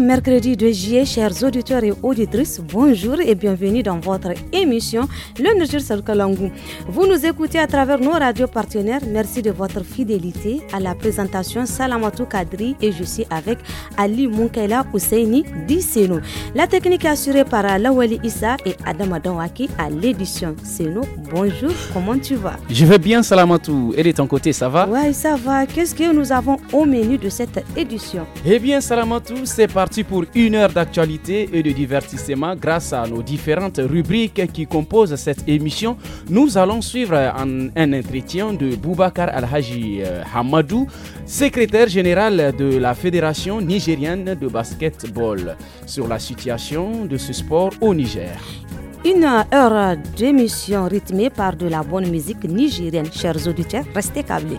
mercredi 2 juillet, chers auditeurs et auditrices. Bonjour et bienvenue dans votre émission Le Niger sur Vous nous écoutez à travers nos radios partenaires. Merci de votre fidélité à la présentation Salamatou Kadri et je suis avec Ali Moukela Ousseini Seno. La technique est assurée par Lawali Issa et Adam Adonwaki à l'édition. Seno, bonjour, comment tu vas Je vais bien Salamatou. Et de ton côté, ça va Oui, ça va. Qu'est-ce que nous avons au menu de cette édition Eh bien Salamatou, c'est par parti pour une heure d'actualité et de divertissement grâce à nos différentes rubriques qui composent cette émission. Nous allons suivre un, entretien de Boubacar Alhaji haji euh, Hamadou, secrétaire général de la Fédération nigérienne de basketball, sur la situation de ce sport au Niger. Une heure d'émission rythmée par de la bonne musique nigérienne. Chers auditeurs, restez câblés.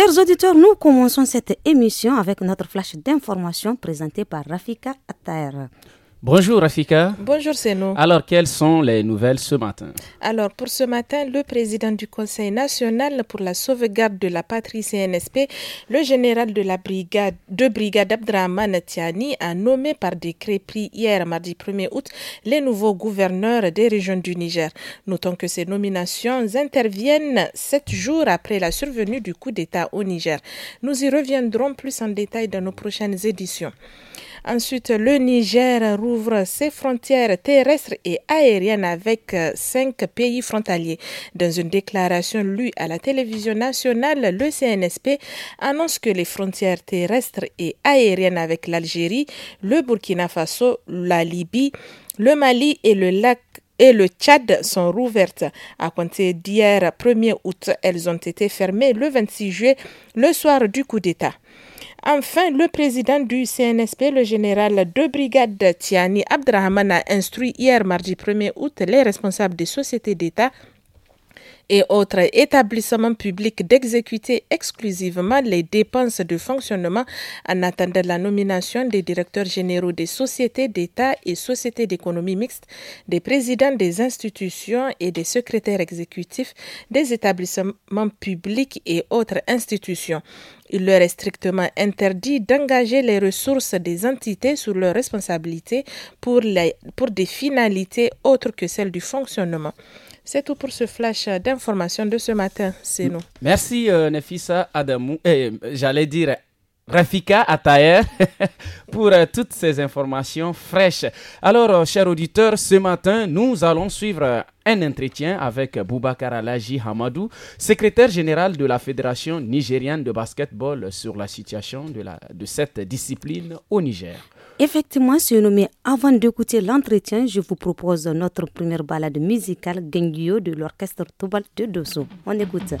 Chers auditeurs, nous commençons cette émission avec notre flash d'information présentée par Rafika Attaer. Bonjour Rafika. Bonjour nous. Alors quelles sont les nouvelles ce matin Alors pour ce matin, le président du Conseil national pour la sauvegarde de la patrie CNSP, le général de la brigade de brigade Tiani a nommé par décret pris hier mardi 1er août les nouveaux gouverneurs des régions du Niger. Notons que ces nominations interviennent sept jours après la survenue du coup d'État au Niger. Nous y reviendrons plus en détail dans nos prochaines éditions. Ensuite, le Niger rouvre ses frontières terrestres et aériennes avec euh, cinq pays frontaliers. Dans une déclaration lue à la télévision nationale, le CNSP annonce que les frontières terrestres et aériennes avec l'Algérie, le Burkina Faso, la Libye, le Mali et le lac et le Tchad sont rouvertes. À compter d'hier 1er août, elles ont été fermées le 26 juillet, le soir du coup d'État. Enfin, le président du CNSP, le général de brigade Tiani Abdrahman, a instruit hier mardi 1er août les responsables des sociétés d'État et autres établissements publics d'exécuter exclusivement les dépenses de fonctionnement en attendant la nomination des directeurs généraux des sociétés d'État et sociétés d'économie mixte, des présidents des institutions et des secrétaires exécutifs des établissements publics et autres institutions. Il leur est strictement interdit d'engager les ressources des entités sous leur responsabilité pour, les, pour des finalités autres que celles du fonctionnement. C'est tout pour ce flash d'information de ce matin. C'est nous. Merci euh, Nefissa Adamou. Eh, j'allais dire Rafika Atayer pour euh, toutes ces informations fraîches. Alors, euh, chers auditeurs, ce matin, nous allons suivre euh, un entretien avec Boubacar Alaji Hamadou, secrétaire général de la Fédération nigérienne de basketball sur la situation de, la, de cette discipline au Niger. Effectivement, ce nommé, avant d'écouter l'entretien, je vous propose notre première balade musicale Gengyo de l'orchestre Tobal de Dosso. On écoute.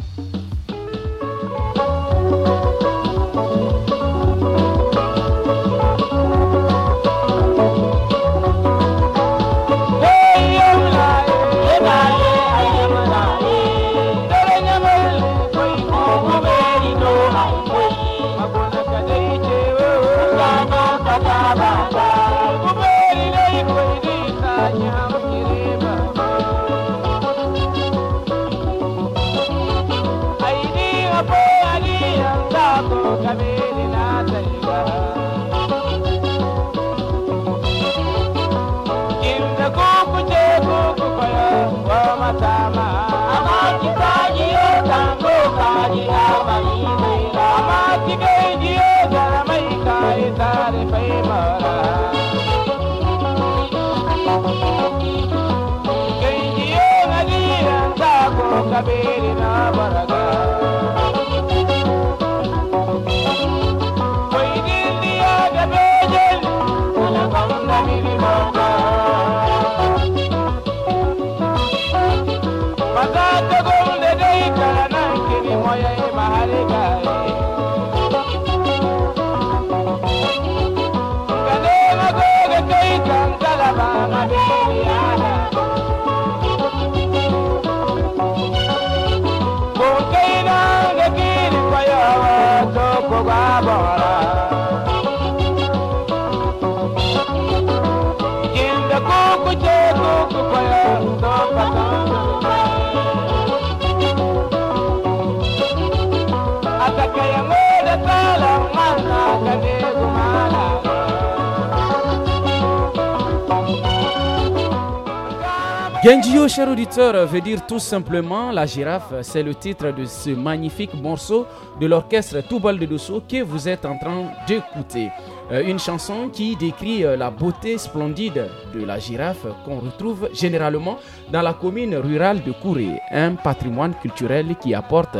Genjiyo, cher auditeur, veut dire tout simplement la girafe. C'est le titre de ce magnifique morceau de l'orchestre Toubal de Dosso que vous êtes en train d'écouter. Euh, une chanson qui décrit euh, la beauté splendide de la girafe qu'on retrouve généralement dans la commune rurale de Kouré, un patrimoine culturel qui apporte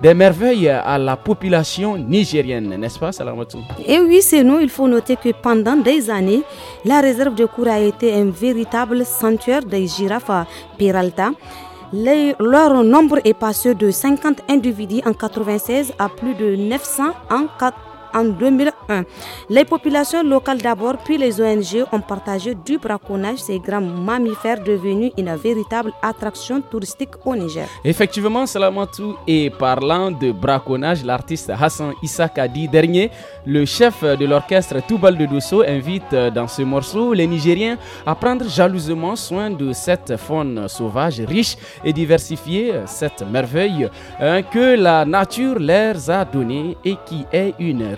des merveilles à la population nigérienne, n'est-ce pas Salamatou Et eh oui, c'est nous, il faut noter que pendant des années, la réserve de Kouré a été un véritable sanctuaire des girafes à Peralta. leur nombre est passé de 50 individus en 96 à plus de 900 en 4 en 2001. Les populations locales d'abord, puis les ONG ont partagé du braconnage ces grands mammifères devenus une véritable attraction touristique au Niger. Effectivement, Salamatou, et parlant de braconnage, l'artiste Hassan a dit dernier, le chef de l'orchestre Toubal de Dosso invite dans ce morceau les Nigériens à prendre jalousement soin de cette faune sauvage riche et diversifiée, cette merveille hein, que la nature leur a donnée et qui est une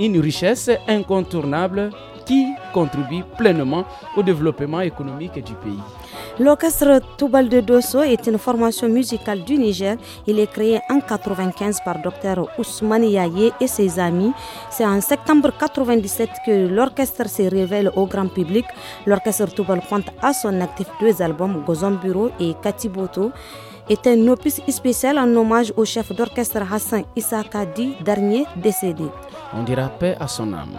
une richesse incontournable qui contribue pleinement au développement économique du pays. L'orchestre Toubal de Dosso est une formation musicale du Niger. Il est créé en 1995 par Dr Ousmane Yaye et ses amis. C'est en septembre 1997 que l'orchestre se révèle au grand public. L'orchestre Toubal compte à son actif deux albums, Gozomburo » Bureau et Katiboto est un opus spécial en hommage au chef d'orchestre Hassan Issa Kadi, dernier décédé. On dira paix à son âme.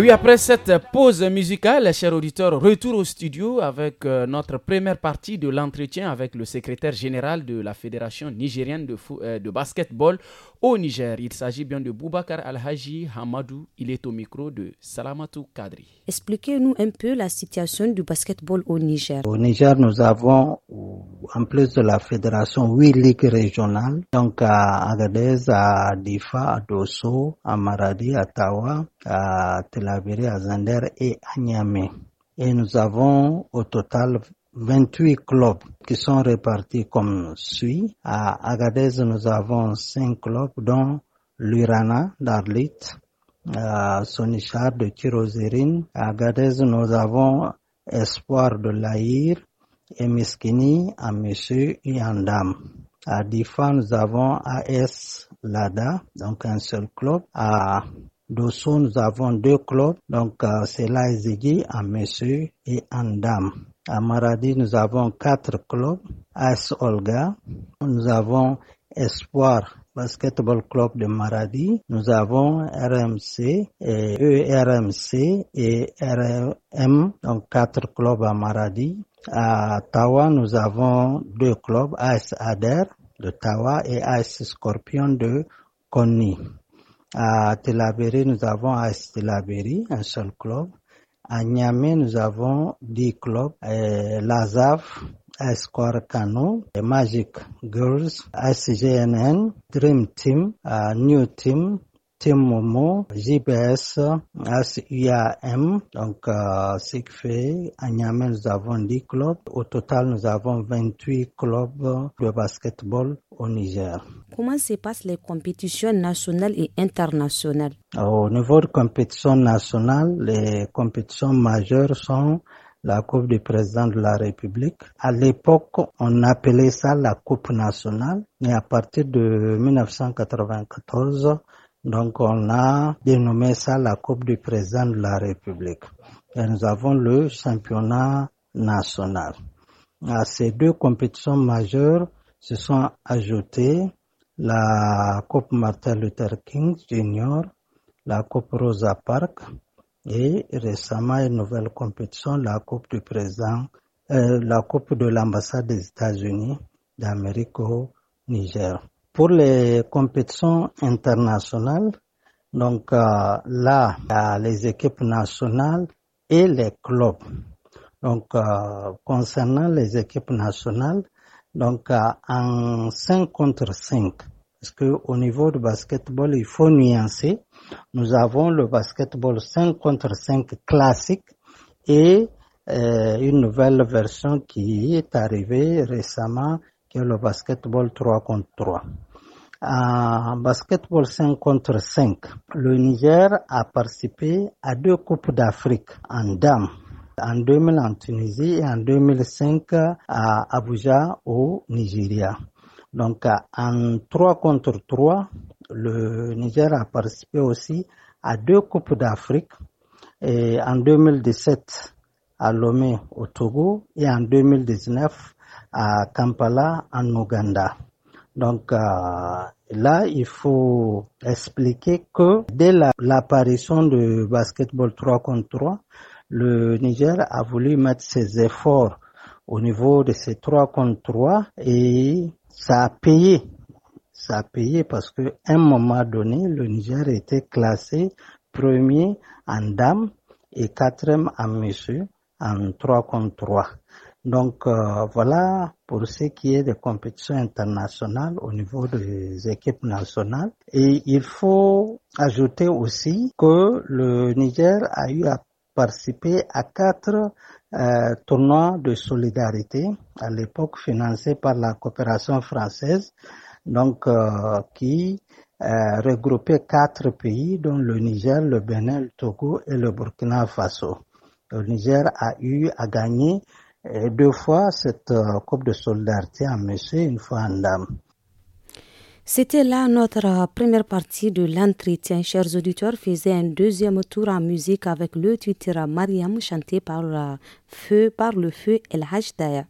oui, après cette pause musicale, chers auditeurs, retour au studio avec euh, notre première partie de l'entretien avec le secrétaire général de la Fédération nigérienne de, euh, de basketball au Niger. Il s'agit bien de Boubacar Al-Haji Hamadou. Il est au micro de Salamatou Kadri. Expliquez-nous un peu la situation du basketball au Niger. Au Niger, nous avons, en plus de la fédération, huit ligues régionales. Donc à Agadez, à Difa, à Dosso, à Maradi, à Tawa, à Telaviri, à Zander et à Et nous avons au total 28 clubs qui sont répartis comme suit. À Agadez, nous avons 5 clubs, dont l'Urana d'Arlit, Sonichard de Kirozérine. À Agadez, nous avons Espoir de l'Aïr et Miskini à Monsieur et en Dame. À Difa, nous avons AS Lada, donc un seul club. À Dessous, nous avons deux clubs, donc euh, c'est un en monsieur et un dame. À Maradi, nous avons quatre clubs, AS Olga, nous avons Espoir Basketball Club de Maradi, nous avons RMC et ERMC et RM, donc quatre clubs à Maradi. À Tawa, nous avons deux clubs, AS Ader de Tawa et AS Scorpion de Konni. À Telaberi, nous avons AS un seul club. À Niamey, nous avons 10 clubs. Et Lazaf, The Cano, Magic Girls, SGNN, Dream Team, New Team, Team Momo, JBS, SUAM, donc euh, Sigfe, fait à Niamey, nous avons 10 clubs. Au total, nous avons 28 clubs de basketball au Niger comment se passent les compétitions nationales et internationales Au niveau des compétitions nationales, les compétitions majeures sont la Coupe du président de la République. À l'époque, on appelait ça la Coupe nationale, mais à partir de 1994, donc on a dénommé ça la Coupe du président de la République. Et nous avons le championnat national. À ces deux compétitions majeures se sont ajoutées la Coupe Martin Luther King Jr., la Coupe Rosa Park et récemment une nouvelle compétition, la Coupe du Président, euh, la Coupe de l'ambassade des États-Unis d'Amérique au Niger. Pour les compétitions internationales, donc euh, là, les équipes nationales et les clubs. Donc euh, concernant les équipes nationales, donc, euh, en 5 contre 5, parce au niveau du basketball, il faut nuancer. Nous avons le basketball 5 contre 5 classique et euh, une nouvelle version qui est arrivée récemment, qui est le basketball 3 contre 3. En basketball 5 contre 5, le Niger a participé à deux Coupes d'Afrique en dames en 2000 en Tunisie et en 2005 à Abuja au Nigeria. Donc en 3 contre 3, le Niger a participé aussi à deux Coupes d'Afrique et en 2017 à Lomé au Togo et en 2019 à Kampala en Ouganda. Donc euh, là, il faut expliquer que dès l'apparition de du basketball 3 contre 3, le Niger a voulu mettre ses efforts au niveau de ces trois contre 3 et ça a payé. Ça a payé parce que un moment donné, le Niger était classé premier en dames et quatrième en messieurs en trois contre 3. Donc euh, voilà pour ce qui est des compétitions internationales au niveau des équipes nationales. Et il faut ajouter aussi que le Niger a eu à participé à quatre euh, tournois de solidarité, à l'époque financés par la coopération française, donc euh, qui euh, regroupait quatre pays, dont le Niger, le Bénin, le Togo et le Burkina Faso. Le Niger a eu à gagner deux fois cette Coupe de solidarité en monsieur, une fois en dame. C'était là notre euh, première partie de l'entretien. Chers auditeurs, faisait un deuxième tour en musique avec le Twitter Mariam chanté par le euh, feu, par le feu El Hajdaya.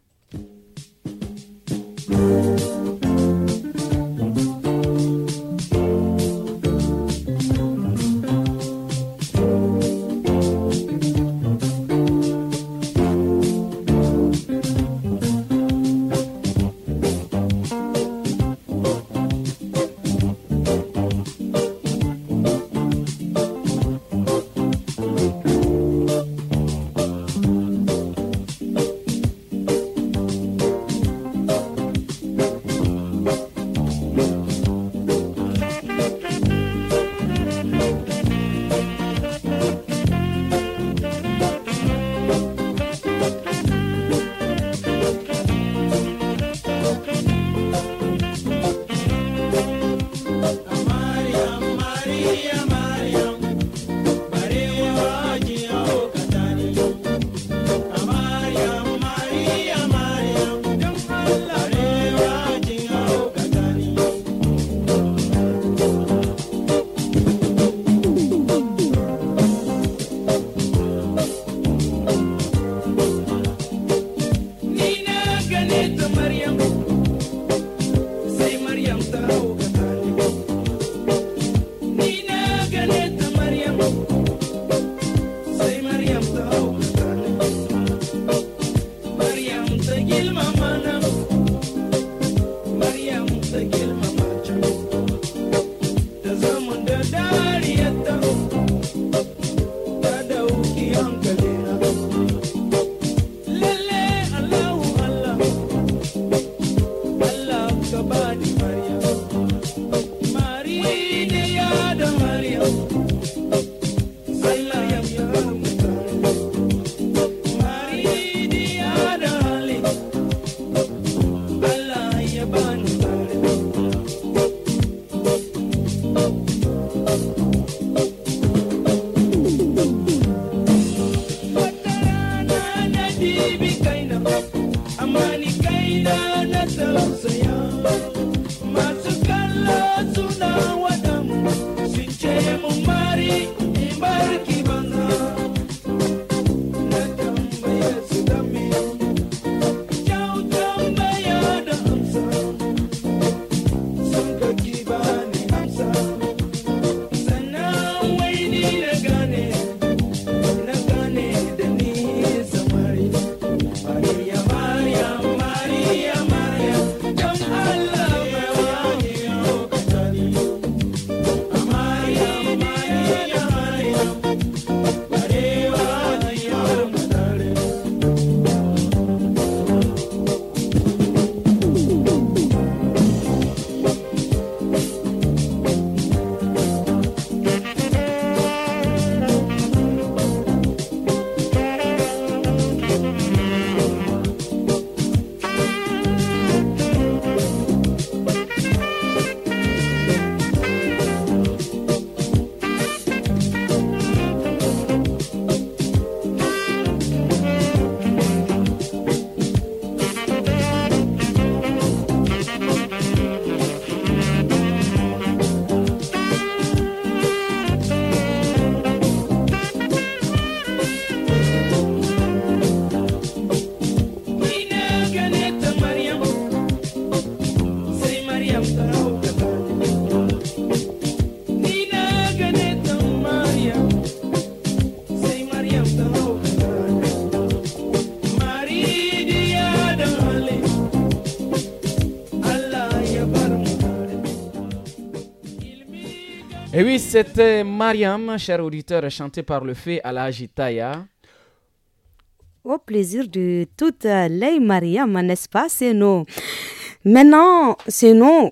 c'était Mariam, cher auditeur, chantée par le fait à la Au plaisir de toutes les Mariam, n'est-ce pas, c'est nous. Maintenant, c'est nous.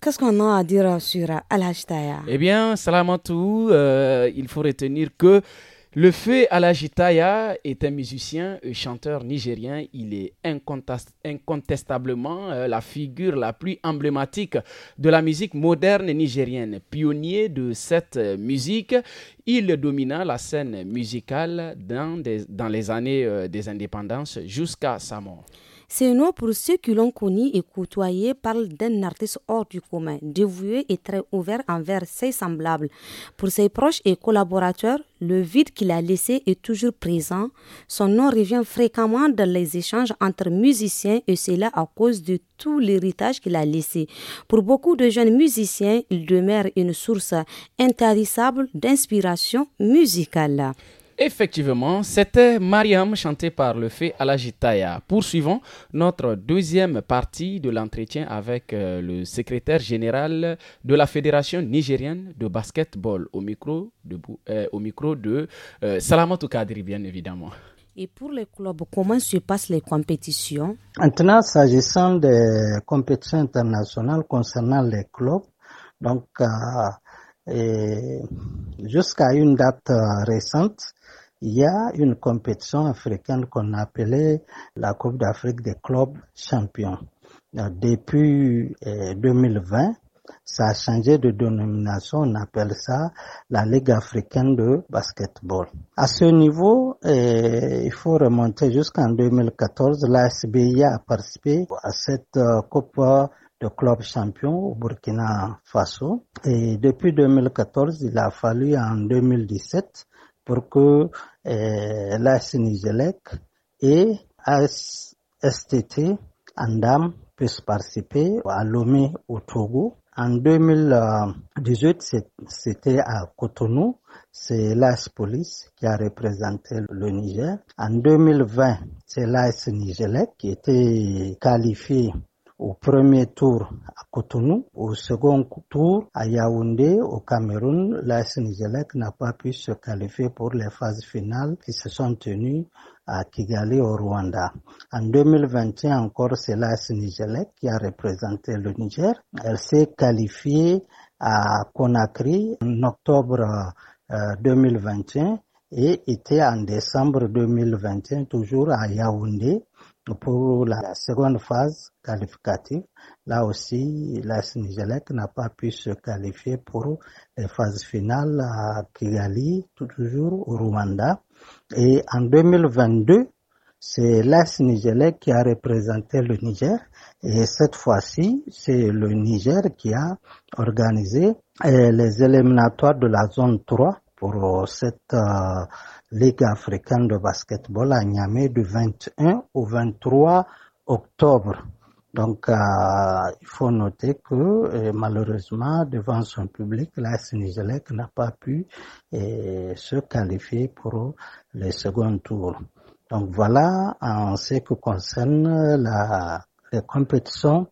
Qu'est-ce qu'on a à dire sur al hashtaya Eh bien, Salamatou, euh, il faut retenir que le feu Alajitaya est un musicien et chanteur nigérien. Il est incontestablement euh, la figure la plus emblématique de la musique moderne nigérienne. Pionnier de cette musique, il domina la scène musicale dans les années euh, des indépendances jusqu'à sa mort. Ce nom, pour ceux qui l'ont connu et côtoyé, parlent d'un artiste hors du commun, dévoué et très ouvert envers ses semblables. Pour ses proches et collaborateurs, le vide qu'il a laissé est toujours présent. Son nom revient fréquemment dans les échanges entre musiciens et cela à cause de tout l'héritage qu'il a laissé. Pour beaucoup de jeunes musiciens, il demeure une source intarissable d'inspiration musicale. Effectivement, c'était Mariam chantée par le fait Alajitaya. Poursuivons notre deuxième partie de l'entretien avec euh, le secrétaire général de la Fédération nigérienne de basketball au micro de, euh, au micro de euh, Salamatou Kadri, bien évidemment. Et pour les clubs, comment se passent les compétitions Maintenant, s'agissant des compétitions internationales concernant les clubs, donc euh, jusqu'à une date euh, récente, il y a une compétition africaine qu'on appelait la Coupe d'Afrique des clubs champions. Euh, depuis 2020, euh, ça a changé de dénomination, on appelle ça la Ligue africaine de basketball. À ce niveau, euh, il faut remonter jusqu'en 2014, la SBI a participé à cette Coupe de clubs champions au Burkina Faso. Et depuis 2014, il a fallu en 2017 pour que euh, la et et ASTT Andam puissent participer à l'OMI au Togo. En 2018, c'était à Cotonou, c'est l'AS Police qui a représenté le Niger. En 2020, c'est l'AS Nigelec qui était qualifié au premier tour à Cotonou, au second tour à Yaoundé au Cameroun, l'AS Nigelec n'a pas pu se qualifier pour les phases finales qui se sont tenues à Kigali au Rwanda. En 2021 encore, c'est l'AS Nigelec qui a représenté le Niger. Elle s'est qualifiée à Conakry en octobre 2021 euh, et était en décembre 2021 toujours à Yaoundé pour la seconde phase qualificative, là aussi, l'AS Nigelec n'a pas pu se qualifier pour les phases finales à Kigali, toujours au Rwanda. Et en 2022, c'est l'AS Nigelec qui a représenté le Niger et cette fois-ci, c'est le Niger qui a organisé euh, les éliminatoires de la zone 3 pour euh, cette euh, Ligue africaine de basketball à Niamey du 21 au 23 octobre. Donc, euh, il faut noter que malheureusement, devant son public, la Sénégalais n'a pas pu se qualifier pour le second tour. Donc voilà en ce qui concerne la, compétition.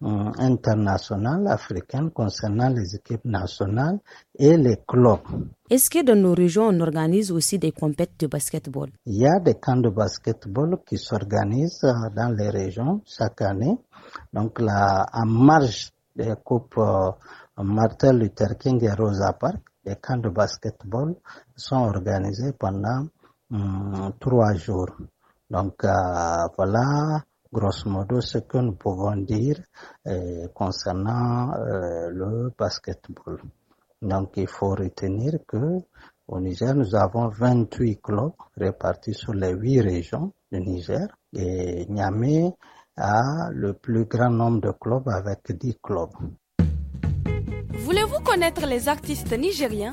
Euh, internationales africaines concernant les équipes nationales et les clubs. Est-ce que dans nos régions, on organise aussi des compétitions de basketball Il y a des camps de basketball qui s'organisent euh, dans les régions chaque année. Donc, là, en marge des coupes euh, Martin Luther King et Rosa Park, les camps de basketball sont organisés pendant hum, trois jours. Donc, voilà grosso modo ce que nous pouvons dire euh, concernant euh, le basketball. Donc il faut retenir que au Niger, nous avons 28 clubs répartis sur les 8 régions du Niger et Niamey a le plus grand nombre de clubs avec 10 clubs. Voulez-vous connaître les artistes nigériens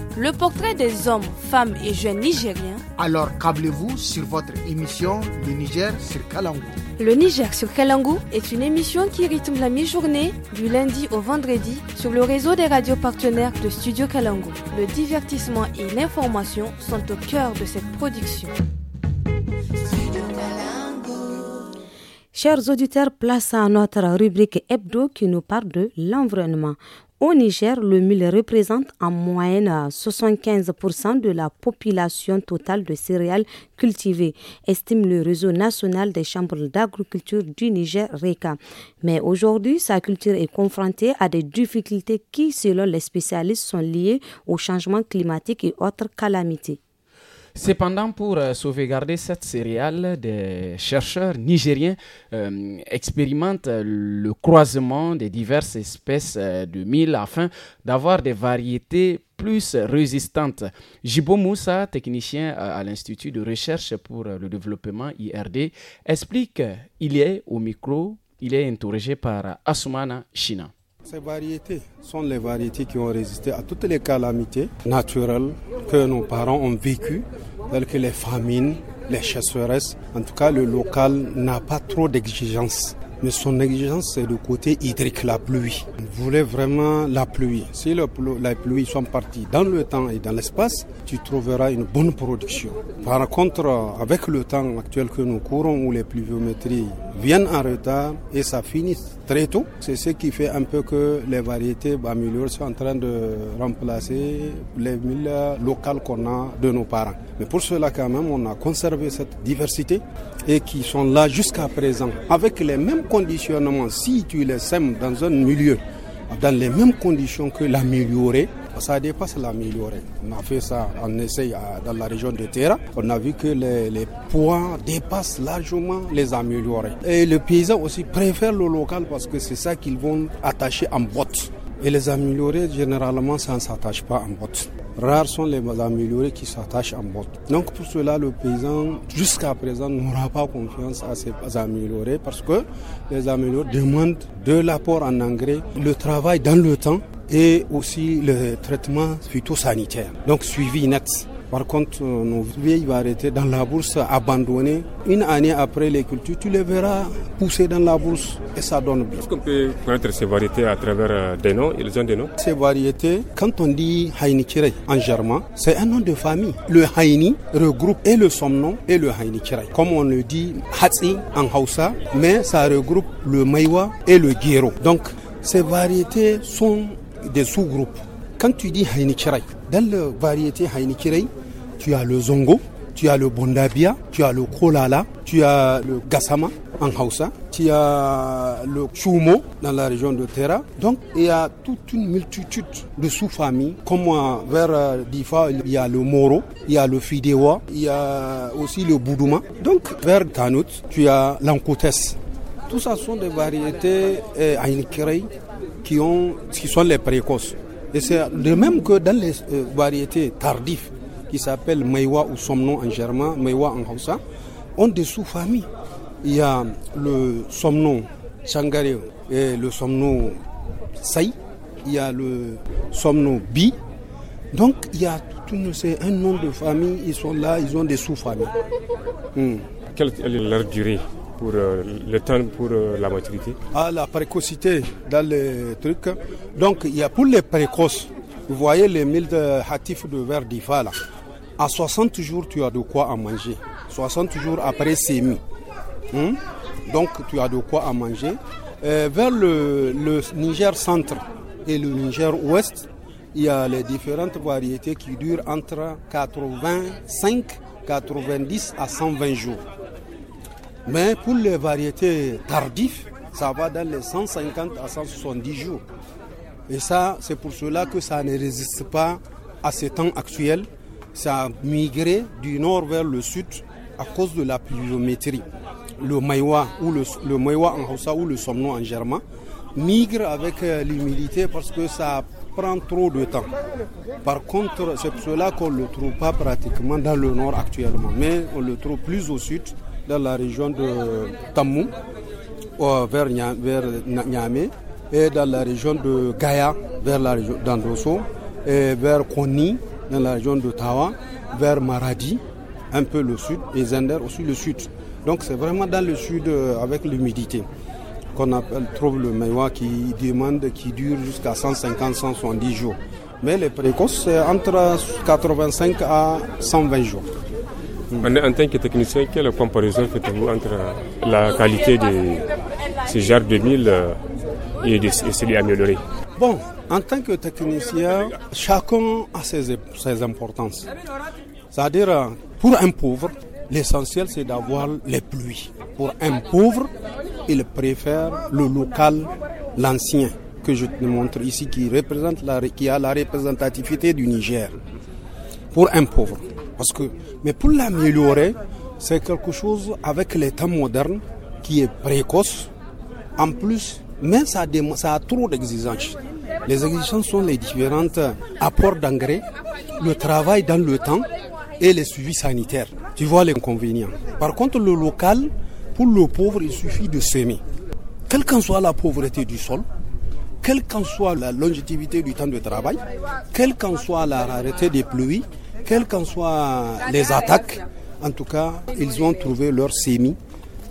le portrait des hommes, femmes et jeunes nigériens. Alors câblez-vous sur votre émission Le Niger sur kalango Le Niger sur kalango est une émission qui rythme la mi-journée du lundi au vendredi sur le réseau des radios partenaires de Studio kalango Le divertissement et l'information sont au cœur de cette production. Chers auditeurs, place à notre rubrique hebdo qui nous parle de l'environnement. Au Niger, le mil représente en moyenne 75% euh, de la population totale de céréales cultivées, estime le réseau national des chambres d'agriculture du Niger, RECA. Mais aujourd'hui, sa culture est confrontée à des difficultés qui, selon les spécialistes, sont liées au changement climatique et autres calamités. Cependant, pour euh, sauvegarder cette céréale, des chercheurs nigériens euh, expérimentent euh, le croisement des diverses espèces de mille afin d'avoir des variétés plus résistantes. Jibo Moussa, technicien à l'Institut de recherche pour le développement IRD, explique il est au micro, il est interrogé par Asumana China. Ces variétés sont les variétés qui ont résisté à toutes les calamités naturelles que nos parents ont vécues, telles que les famines, les chasseresses. En tout cas, le local n'a pas trop d'exigences. Mais son exigence, c'est le côté hydrique, la pluie. On voulait vraiment la pluie. Si le, la pluie sont partie dans le temps et dans l'espace, tu trouveras une bonne production. Par contre, euh, avec le temps actuel que nous courons, où les pluviométries viennent en retard et ça finit très tôt. C'est ce qui fait un peu que les variétés améliorées sont en train de remplacer les milles locales qu'on a de nos parents. Mais pour cela quand même, on a conservé cette diversité et qui sont là jusqu'à présent. Avec les mêmes conditionnements, si tu les sèmes dans un milieu, dans les mêmes conditions que l'améliorer. Ça dépasse l'améliorer. On a fait ça en essai dans la région de Terra. On a vu que les, les poids dépassent largement les améliorés. Et les paysans aussi préfèrent le local parce que c'est ça qu'ils vont attacher en bottes. Et les améliorés, généralement, ça ne s'attache pas en bottes. Rares sont les améliorés qui s'attachent en botte. Donc pour cela, le paysan, jusqu'à présent, n'aura pas confiance à ces améliorés parce que les améliorés demandent de l'apport en engrais, le travail dans le temps et aussi le traitement phytosanitaire, donc suivi net. Par contre, euh, nos vieilles variétés dans la bourse abandonnées, une année après les cultures, tu les verras pousser dans la bourse et ça donne bien. Est-ce qu'on peut connaître ces variétés à travers euh, des noms Ils ont des noms Ces variétés, quand on dit Hainikirai en germain, c'est un nom de famille. Le Haini regroupe et le somnon et le Hainikirai. Comme on le dit Hatsi en Hausa, mais ça regroupe le Maiwa et le Gero. Donc, ces variétés sont des sous-groupes. Quand tu dis Hainikirai, dans la variété Hainikirai, tu as le zongo, tu as le bondabia, tu as le kolala, tu as le gassama en Hausa, tu as le chumo dans la région de Terra. Donc il y a toute une multitude de sous-familles. Comme vers euh, Difa, il y a le Moro, il y a le Fidewa, il y a aussi le Boudouma. Donc vers Tanout, tu as l'Ankotes. Tout ça sont des variétés à euh, qui, ont, qui sont les précoces. Et c'est de même que dans les euh, variétés tardives, qui s'appelle Maïwa ou Somnon en germain, Maïwa en Hausa, ont des sous-familles. Il y a le Somnon Changare et le Somnon Saï, il y a le Somno Bi. Donc il y a tout un nom de famille, ils sont là, ils ont des sous-familles. Hmm. Quelle est leur durée pour euh, le temps pour euh, la maturité Ah, la précocité dans les trucs. Donc, il y a pour les précoces, vous voyez les mille de euh, de verre d'Ifa là. À 60 jours, tu as de quoi à manger. 60 jours après semis. mis. Hmm? Donc, tu as de quoi à manger. Euh, vers le, le, Niger centre et le Niger ouest, il y a les différentes variétés qui durent entre 85, 90 à 120 jours. Mais pour les variétés tardives, ça va dans les 150 à 170 jours. Et ça, c'est pour cela que ça ne résiste pas à ces temps actuels ça a migré du nord vers le sud à cause de la pluviométrie. Le maïwa, ou le, le en Hausa ou le somno en germain migre avec euh, l'humidité parce que ça prend trop de temps. Par contre, c'est cela qu'on ne le trouve pas pratiquement dans le nord actuellement, mais on le trouve plus au sud, dans la région de Tamou, euh, vers, Niamey, et dans la région de Gaïa, vers la région d'Androsso, et vers Koni, dans la région de vers Maradi, un peu le sud, et Zender aussi le sud. Donc c'est vraiment dans le sud euh, avec l'humidité qu'on appelle trouve le maïwa qui demande, qui dure jusqu'à 150-170 jours. Mais les précoces, c'est entre 85 à 120 jours. Hmm. En, tant que technicien, quelle comparaison faites-vous entre la qualité de ces jarres 2000 euh, et, de, et celui amélioré en tant que technicien, chacun a ses, importances. C'est-à-dire, pour un pauvre, l'essentiel c'est d'avoir les pluies. Pour un pauvre, il préfère le local, l'ancien, que je te montre ici, qui, représente la, qui a la représentativité du Niger. Pour un pauvre. Parce que, mais pour l'améliorer, c'est quelque chose avec les temps qui est précoce. En plus, mais ça, ça a trop d'exigences. Les exigences sont les différentes apports d'engrais, le travail dans le temps et les suivis sanitaires. Tu vois l'inconvénient. Par contre, le local, pour le pauvre, il suffit de semer. Quelle qu'en soit la pauvreté du sol, quelle qu'en soit la longévité du temps de travail, quelle qu'en soit la rareté des pluies, quelles qu'en soient les attaques, en tout cas, ils ont trouvé leur semis,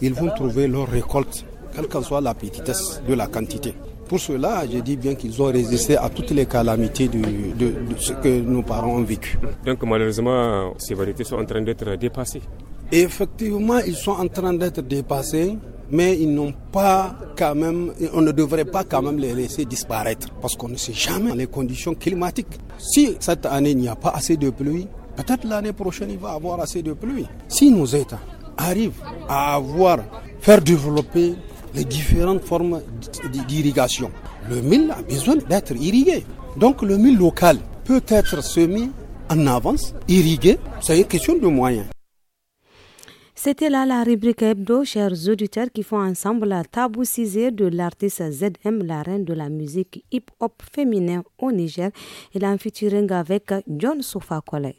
ils vont trouver leur récolte, quelle qu'en soit la petitesse de la quantité. Pour cela, je dis bien qu'ils ont résisté à toutes les calamités de, ce que nos parents ont vécu. Donc malheureusement, ces variétés sont en train d'être dépassées. Effectivement, ils sont en train d'être dépassés mais ils n'ont pas quand même, on ne devrait pas quand même les laisser disparaître parce qu'on ne sait jamais les conditions climatiques. Si cette année il n'y a pas assez de pluie, peut-être l'année prochaine il va avoir assez de pluie. Si nos États arrivent à avoir, faire développer les différentes formes d'irrigation. Le mil a besoin d'être irrigué. Donc le mil local peut être semé en avance, irrigué, c'est une question de moyens. C'était là la rubrique hebdo, chers auditeurs, qui font ensemble la tabou de l'artiste ZM, la reine de la musique hip-hop féminin au Niger, et un avec John Sofa Collet.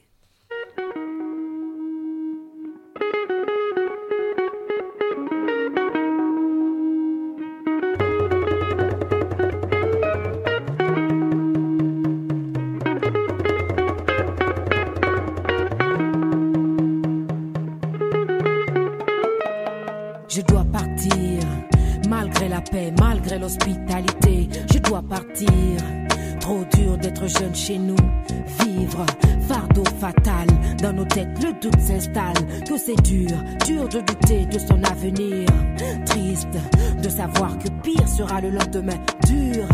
je dois partir. Malgré la paix, malgré l'hospitalité, je dois partir. Trop dur d'être jeune chez nous, vivre, fardeau fatal. Dans nos têtes, le doute s'installe, que c'est dur, dur de douter de son avenir. Triste de savoir que pire sera le lendemain, dur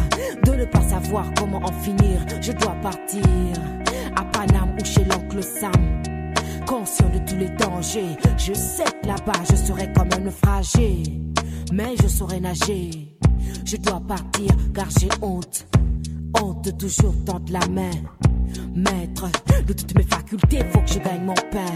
de ne pas savoir comment en finir. Je dois partir à Paname ou chez l'oncle Sam conscient de tous les dangers. Je sais que là-bas, je serai comme un naufragé. Mais je saurai nager. Je dois partir car j'ai honte. Honte toujours tendre la main. Maître de toutes mes facultés, faut que je gagne mon pain.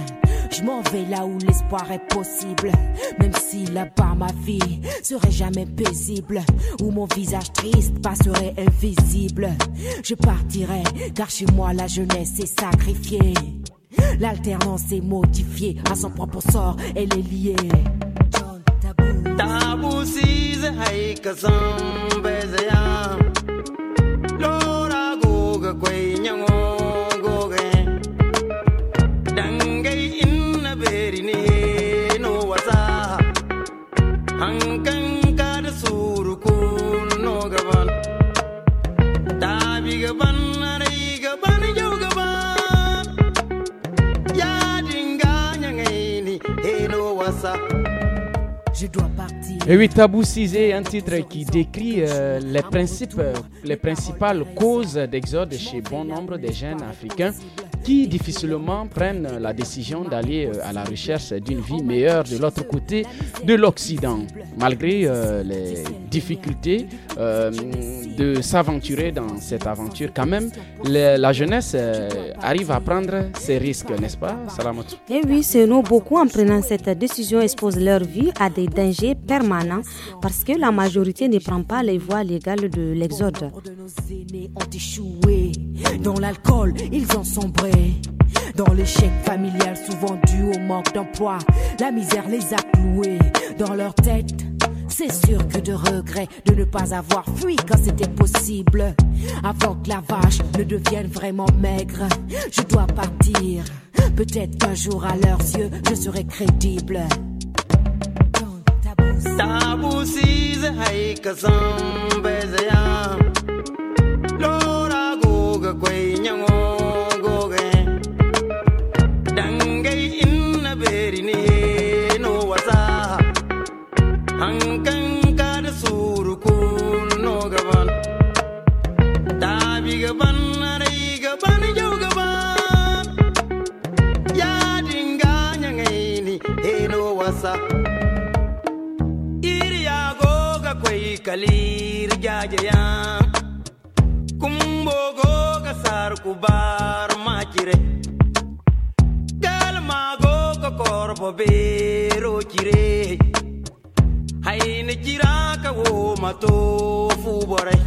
Je m'en vais là où l'espoir est possible. Même si là-bas ma vie serait jamais paisible. Où mon visage triste passerait invisible. Je partirai car chez moi la jeunesse est sacrifiée. L'alternance est modifiée à son propre sort, elle est liée. Et oui, Tabou un titre qui décrit euh, les, principes, euh, les principales causes d'exode chez bon nombre de jeunes africains qui difficilement prennent la décision d'aller euh, à la recherche d'une vie meilleure de l'autre côté de l'Occident, malgré euh, les difficultés euh, de s'aventurer dans cette aventure. Quand même, la jeunesse arrive à prendre ses risques, n'est-ce pas, Salamot Eh oui, c'est nous. Beaucoup en prenant cette décision exposent leur vie à des dangers permanents parce que la majorité ne prend pas les voies légales de l'exode. Dans l'alcool, ils ont dans l'échec familial, souvent dû au manque d'emploi, la misère les a cloués dans leur tête. C'est sûr que de regret de ne pas avoir fui quand c'était possible. Avant que la vache ne devienne vraiment maigre, je dois partir. Peut-être qu'un jour à leurs yeux, je serai crédible. kalir jajaya kumbogo kasar kubar machire galmago ko korbo bero chire haine ka wo mato fubore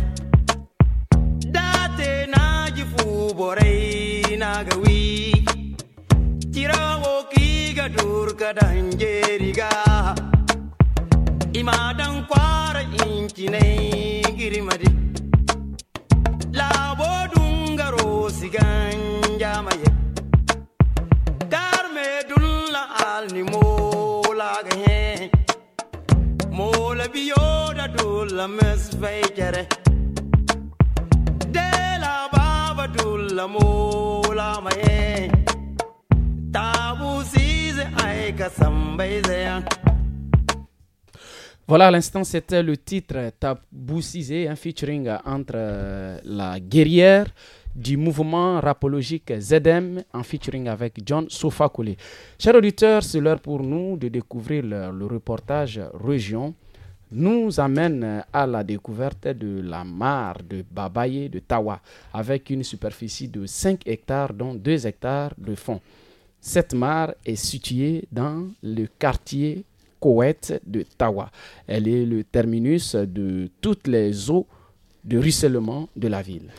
date na ji fu bore na gawi wo ga dur imadan kwara inkinai La labo dungaro sigan jamaye Darme dulla alni mola gahe mola biyo da dulla mesfai kere de la baba dulla mola maye tabu size aika sambai voilà, à l'instant, c'était le titre Tabou un featuring entre euh, la guerrière du mouvement rapologique ZM en featuring avec John Sofakoulé. Chers auditeurs, c'est l'heure pour nous de découvrir le, reportage Région. Nous amène à la découverte de la mare de Babaye de Tawa avec une superficie de 5 hectares, dont 2 hectares de fond. Cette mare est située dans le quartier Koweït de Tawa. Elle est le terminus de toutes les eaux de ruissellement de la ville.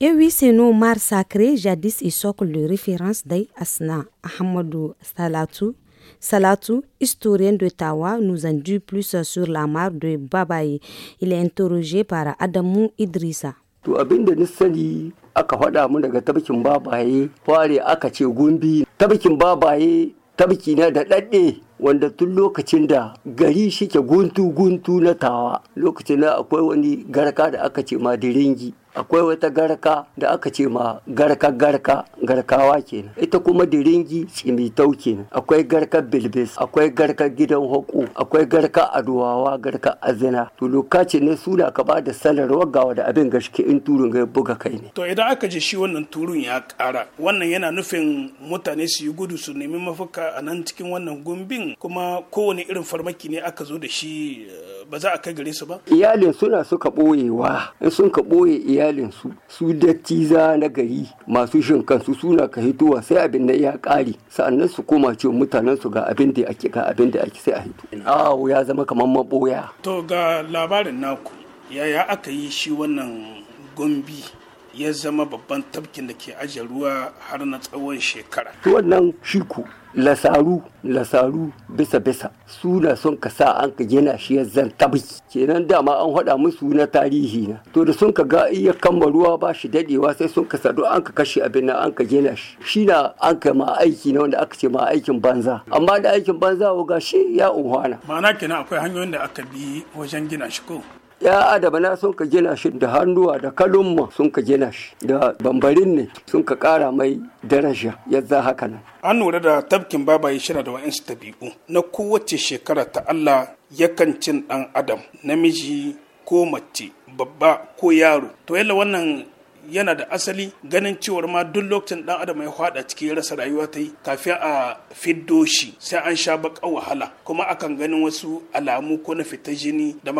Et oui, c'est nos mares sacrées, jadis et socle de référence Day Asna Ahmadou Salatou. Salatou, historien de Tawa, nous en dit plus sur la mare de Babaye. Il est interrogé par Adamou Idrissa. To abin da sani aka faɗa mu daga tabkin babaye, fare aka ce gumbi, tabkin babaye tabki na da ɗaɗɗe wanda tun lokacin da gari shike guntu-guntu na tawa lokacin da akwai wani garka da aka ce ma diringi akwai wata garka da aka ce ma garka garka garkawa kenan ita kuma diringi tsimitau kenan akwai garka bilbis akwai garka gidan hoku akwai garka aduwawa garka azina to lokaci ne suna ka ba da salar wagawa da abin gaske in turun ga buga kai ne to idan aka je shi wannan turun ya kara wannan yana nufin mutane su yi gudu su nemi mafuka a nan cikin wannan gumbin kuma kowane irin farmaki ne aka zo da shi eh, ba za a kai gare su ba iyalin suna suka boyewa in sun ka boye iyalinsu su dattiza na gari masu shin kansu suna ka hitowa sai abin da ya ƙare sa'annan su koma ce mutanen su ga abin da ake ga abin da ake sai a hito awo ya zama kamar maboya to ga labarin naku yaya aka yi shi wannan gombi ya zama babban tafkin da ke ajiye ruwa har na tsawon shekara. wannan shiku lasaru lasaru bisa bisa su na son ka sa an ka gina shi ya zan tabi kenan dama an haɗa musu na tarihi na to da sun ka ga iya kama ruwa ba shi dadewa sai sun ka sadu an ka kashe abin nan an ka gina shi shi na an ka ma aiki na wanda aka ce ma aikin banza amma da aikin banza wa ga shi ya unhwana ma'ana kenan akwai hanyoyin da aka bi wajen gina shi ko ya adama na sun ka gina shi da hannuwa da kalumma sun ka gina shi da bambarin ne sun ka kara mai daraja yadda haka nan an lura da tafkin babaye shina da wa'insu tabi'u na kowace shekara ta Allah yakan cin dan adam namiji ko mace babba ko yaro to yalla wannan yana da asali ganin cewar ma duk lokacin dan adam ya hwada cikin rasa rayuwa ta yi kafin a fiddo shi sai an sha baka wahala kuma akan ganin wasu alamu ko na fita jini da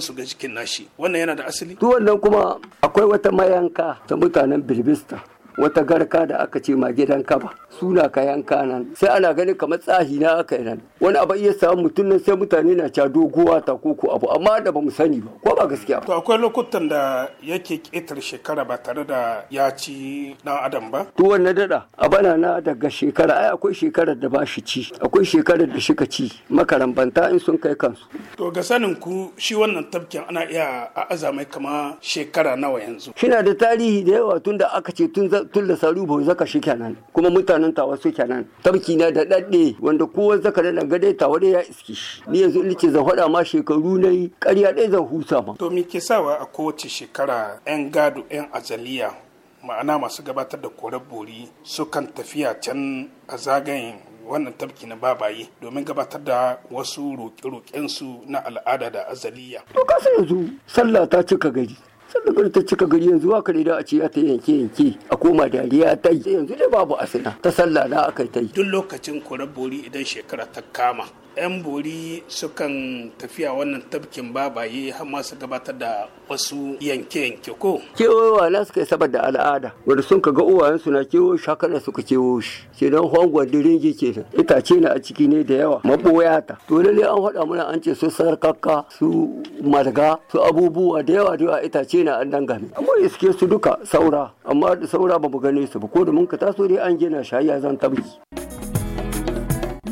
su ga jikin nashi wannan yana da asali duk wannan kuma akwai wata mayanka ta mutanen bilbista wata garka da aka ce ma gidan kaba suna kayan yanka sai ana ganin kamar tsahi na aka nan wani abu iya samu mutum nan sai mutane na ca doguwa ta koko abu amma da bamu sani ba ko ba gaskiya to akwai lokutan da yake ƙetare shekara ba tare da ya ci na adam ba to wannan dada a bana na daga shekara ai akwai shekarar da ba shi ci akwai shekarar da shika ci makarambanta in sun kai kansu to ga sanin ku shi wannan tafkin ana iya a azamai kama shekara nawa yanzu Shi na da tarihi da yawa tun da aka ce tun tun da bai zaka shi kenan kuma mutanen tawa su kenan tabki na da dadde wanda kowa zaka da dai tawa dai ya iske shi ni yanzu in ce zan ma shekaru nayi ƙarya ɗaya zan husa ma to me ke sawa a kowace shekara yan gado yan azaliya ma'ana masu gabatar da korar bori sukan tafiya can a zagayen wannan tabki na babaye domin gabatar da wasu roƙe-roƙensu na al'ada da azaliya. To kasa yanzu sallah ta cika gari. sun daga ta cika gari yanzu haka ne da a ce ta yanke yanke a koma dariya ta yi yanzu da babu asina ta sallah na aka yi ta yi. Duk lokacin bori idan shekara ta kama 'yan bori sukan tafiya wannan tafkin babaye har masu gabatar da wasu yanke-yanke ko? Kewo wala suka yi saboda al'ada wanda sun ka ga uwayensu na kewo shi da suka kewo shi kenan hangon diringi kenan itace na a ciki ne da yawa maboya ta to lalle an faɗa mana an ce su sarkaka su malga su abubuwa da yawa da itace na an dangane amma iske su duka saura amma saura ba mu gane su ba ko da mun ka taso dai an gina shayi zan tabki.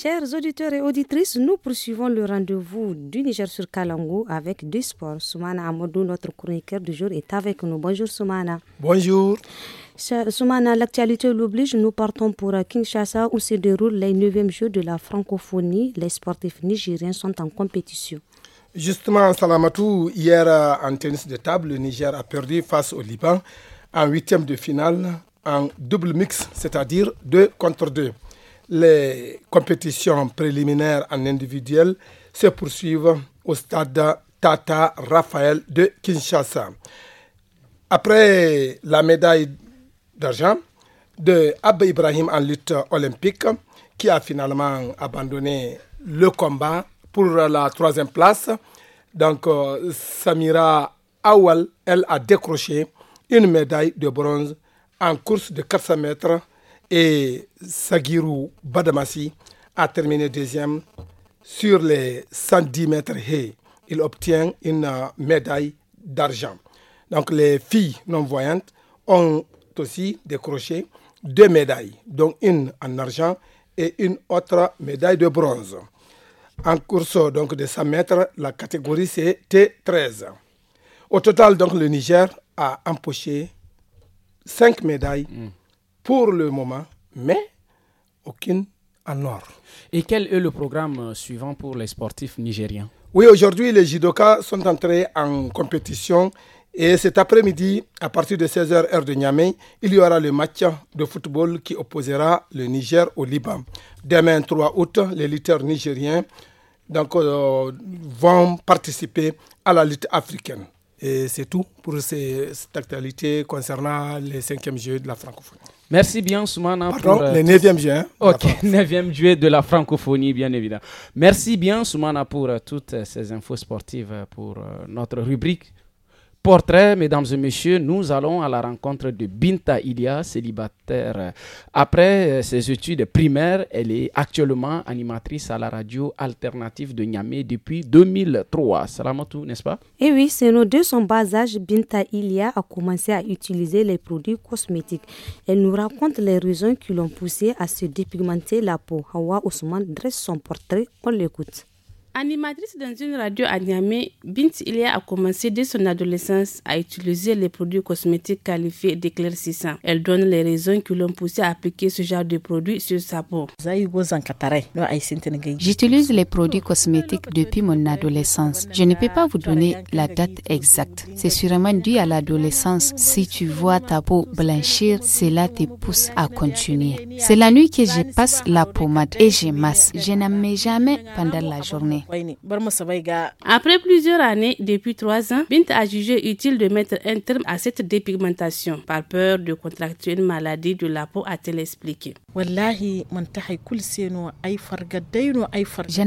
Chers auditeurs et auditrices, nous poursuivons le rendez-vous du Niger sur Kalango avec deux sports. Soumana Amadou, notre chroniqueur du jour, est avec nous. Bonjour Soumana. Bonjour. Soumana, l'actualité l'oblige, nous partons pour Kinshasa où se déroulent les 9e Jeux de la francophonie. Les sportifs nigériens sont en compétition. Justement, Salamatou, hier euh, en tennis de table, le Niger a perdu face au Liban en huitième de finale en double mix, c'est-à-dire 2 contre 2. Les compétitions préliminaires en individuel se poursuivent au stade Tata Raphaël de Kinshasa. Après la médaille d'argent de Abba Ibrahim en lutte olympique, qui a finalement abandonné le combat pour la troisième place, donc euh, Samira Awal, elle a décroché une médaille de bronze en course de 400 mètres et Sagirou Badamasi a terminé deuxième sur les 110 mètres haies. Il obtient une médaille d'argent. Donc les filles non-voyantes ont aussi décroché deux médailles, Donc une en argent et une autre médaille de bronze. En course donc, de 100 mètres, la catégorie c'est T13. Au total, donc, le Niger a empoché cinq médailles mm pour le moment, mais aucune en or. Et quel est le programme euh, suivant pour les sportifs nigériens Oui, aujourd'hui, les judokas sont entrés en compétition et cet après-midi, à partir de 16h heure de Niamey, il y aura le match de football qui opposera le Niger au Liban. Demain 3 août, les lutteurs nigériens donc, euh, vont participer à la lutte africaine. Et c'est tout pour cette actualité concernant les cinquièmes Jeux de la francophonie. Merci bien, Soumana. Hein, pour, euh, le 9e juin. Hein. Ok, 9e juin de la francophonie, bien évidemment. Merci bien, Soumana, hein, pour euh, toutes ces infos sportives, euh, pour notre rubrique portrait, mesdames et messieurs, nous allons à la rencontre de Binta Ilia, célibataire. Après euh, ses études primaires, elle est actuellement animatrice à la radio alternative de Niamey depuis 2003. Salamatou, n'est-ce pas Eh oui, c'est nos deux son bas âge. Binta Ilia a commencé à utiliser les produits cosmétiques. Elle nous raconte les raisons qui l'ont poussée à se dépigmenter la peau. Hawa Ousmane dresse son portrait, on l'écoute. Animatrice dans une radio à Niamey, Bint Ilia a commencé dès son adolescence à utiliser les produits cosmétiques qualifiés d'éclaircissants. Elle donne les raisons qui l'ont poussée à appliquer ce genre de produits sur sa peau. J'utilise les produits cosmétiques depuis mon adolescence. Je ne peux pas vous donner la date exacte. C'est sûrement dû à l'adolescence. Si tu vois ta peau blanchir, cela te pousse à continuer. C'est la nuit que je passe la pommade et je masse. Je n'en mets jamais pendant la journée. Après plusieurs années, depuis trois ans, Bint a jugé utile de mettre un terme à cette dépigmentation par peur de contracter une maladie de la peau, a-t-elle expliqué. J'en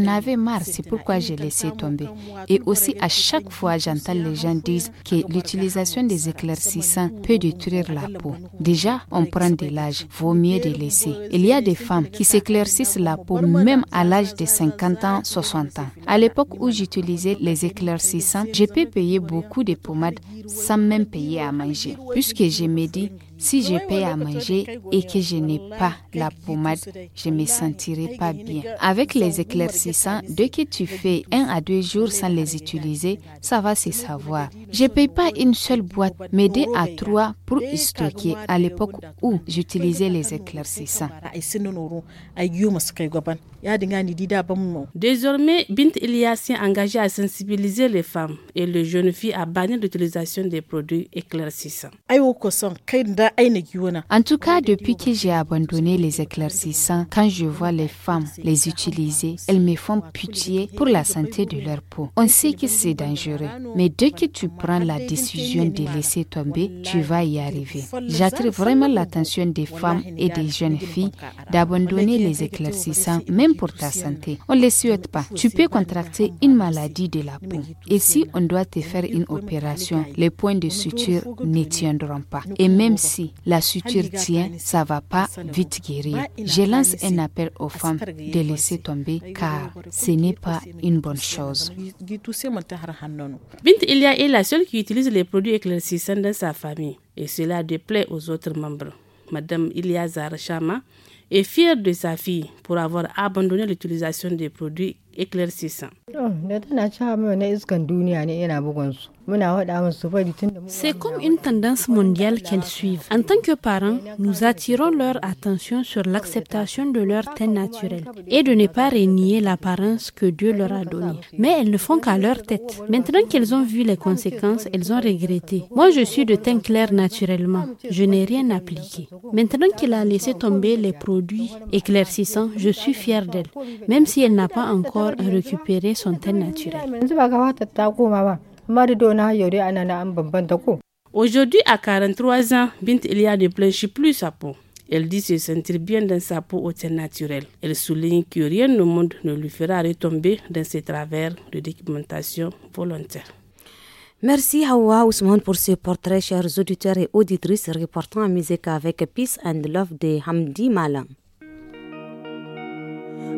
avais marre, c'est pourquoi j'ai laissé tomber. Et aussi, à chaque fois, j'entends les gens dire que l'utilisation des éclaircissants peut détruire la peau. Déjà, on prend de l'âge, vaut mieux les laisser. Il y a des femmes qui s'éclaircissent la peau même à l'âge de 50 ans, 60 ans. À l'époque où j'utilisais les éclaircissants, j'ai pu payer beaucoup de pommades sans même payer à manger, puisque j'ai me si je paye à manger et que je n'ai pas la pommade, je ne me sentirai pas bien. Avec les éclaircissants, dès que tu fais un à deux jours sans les utiliser, ça va se savoir. Je ne paye pas une seule boîte, mais deux à trois pour stocker à l'époque où j'utilisais les éclaircissants. Désormais, Bint Eliassien s'est engagé à sensibiliser les femmes et les jeunes filles à bannir l'utilisation des produits éclaircissants. En tout cas, depuis que j'ai abandonné les éclaircissants, quand je vois les femmes les utiliser, elles me font pitié pour la santé de leur peau. On sait que c'est dangereux, mais dès que tu prends la décision de laisser tomber, tu vas y arriver. J'attire vraiment l'attention des femmes et des jeunes filles d'abandonner les éclaircissants, même pour ta santé. On ne les souhaite pas. Tu peux contracter une maladie de la peau. Et si on doit te faire une opération, les points de suture ne tiendront pas. Et même si la suture tient, ça va pas vite guérir. Je lance un appel aux femmes de laisser tomber car ce n'est pas une bonne chose. Bint Ilia est la seule qui utilise les produits éclaircissants dans sa famille et cela déplaît aux autres membres. Madame Ilia shama est fière de sa fille pour avoir abandonné l'utilisation des produits éclaircissant. C'est comme une tendance mondiale qu'elles suivent. En tant que parents, nous attirons leur attention sur l'acceptation de leur teint naturel et de ne pas renier l'apparence que Dieu leur a donnée. Mais elles ne font qu'à leur tête. Maintenant qu'elles ont vu les conséquences, elles ont regretté. Moi, je suis de teint clair naturellement. Je n'ai rien appliqué. Maintenant qu'elle a laissé tomber les produits éclaircissants, je suis fière d'elle, même si elle n'a pas encore récupérer son teint naturel. Aujourd'hui, à 43 ans, Bint Elia ne blanchit plus sa peau. Elle dit se sentir bien dans sa peau au teint naturel. Elle souligne que rien au monde ne lui fera retomber dans ses travers de documentation volontaire. Merci Hawa Ousmane pour ce portrait, chers auditeurs et auditrices, reportant à musique avec Peace and Love de Hamdi malam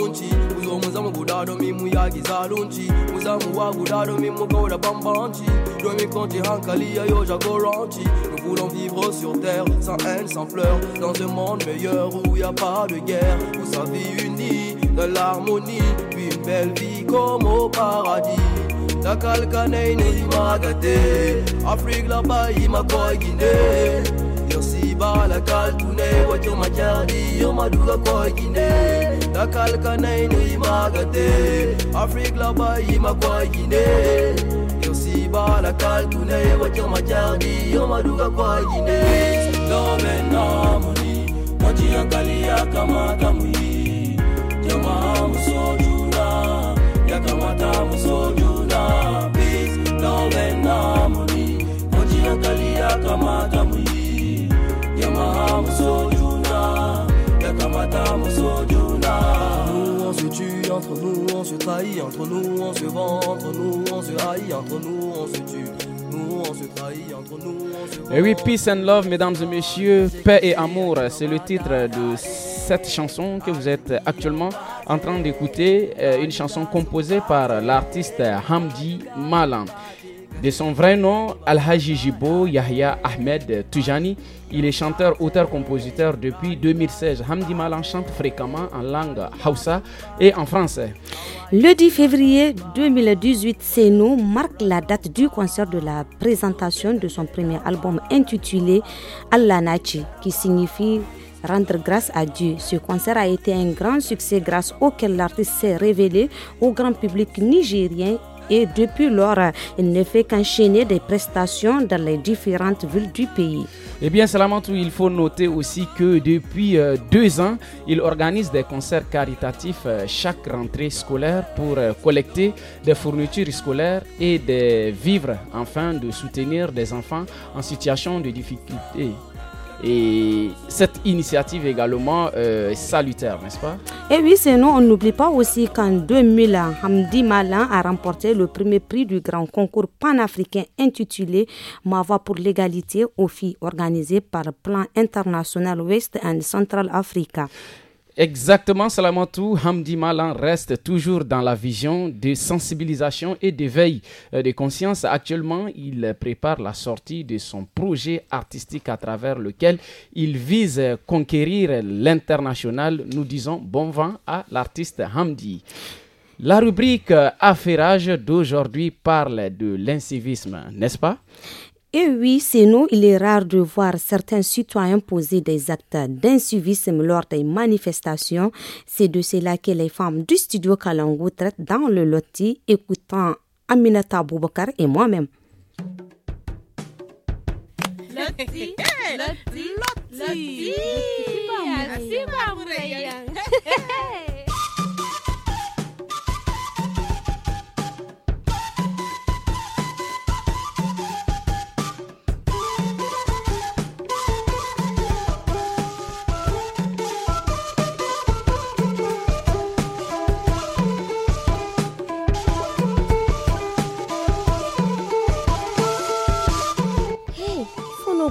lunchi muzomuzamu gudado za lunchi muzamu wa gudado mimugola bambanchi konti hankali hankaliya yo jagoranchi nous voulons vivre sur terre sans haine sans pleurs dans un monde meilleur où y a pas de guerre où sa vie unie dans l'harmonie puis une belle vie comme au paradis La takalkane inimaga te afrique là-bas imakoy guinée yosibala kaltune wacomatyadi yomaduga koy guinée kakalka naini magate afrique là-bas il m'a guayiné yosiba la kalkune voiture ma jardi yo maduka guayiné dobe namoni mojiangalia kama kamwi jamaa musojuna yakamata musojuna please dobe namoni mojiangalia kama kamwi jamaa musojuna yakamata musojuna on se tue, entre nous on se trahit, entre nous on se vend, entre nous on se haït, entre nous on se tue. on entre nous, on se Et eh oui, Peace and Love, mesdames et messieurs, paix et amour, c'est le titre de cette chanson que vous êtes actuellement en train d'écouter, euh, une chanson composée par l'artiste Hamdi Malan. De son vrai nom, Alhaji Jibo Yahya Ahmed Tujani, il est chanteur, auteur, compositeur depuis 2016. Hamdi Malan chante fréquemment en langue Hausa et en français. Le 10 février 2018, Seno marque la date du concert de la présentation de son premier album intitulé Allah qui signifie rendre grâce à Dieu. Ce concert a été un grand succès grâce auquel l'artiste s'est révélé au grand public nigérien et depuis lors, il ne fait qu'enchaîner des prestations dans les différentes villes du pays. Eh bien, Salamantou, il faut noter aussi que depuis euh, deux ans, il organise des concerts caritatifs euh, chaque rentrée scolaire pour euh, collecter des fournitures scolaires et des vivres afin de soutenir des enfants en situation de difficulté et cette initiative également euh, est salutaire, n'est-ce pas Eh oui, sinon on n'oublie pas aussi qu'en 2000, Hamdi Malin a remporté le premier prix du grand concours panafricain intitulé Ma voix pour l'égalité aux filles organisé par Plan International West and Central Africa. Exactement, Salamatou Hamdi Malan reste toujours dans la vision de sensibilisation et d'éveil euh, de conscience. Actuellement, il prépare la sortie de son projet artistique à travers lequel il vise euh, conquérir l'international. Nous disons bon vent à l'artiste Hamdi. La rubrique euh, Affairage d'aujourd'hui parle de l'incivisme, n'est-ce pas et oui, c'est nous, il est rare de voir certains citoyens poser des actes d'insuvisme lors des manifestations. C'est de cela que les femmes du studio Kalango traitent dans le loti, écoutant Aminata Boubakar et moi-même.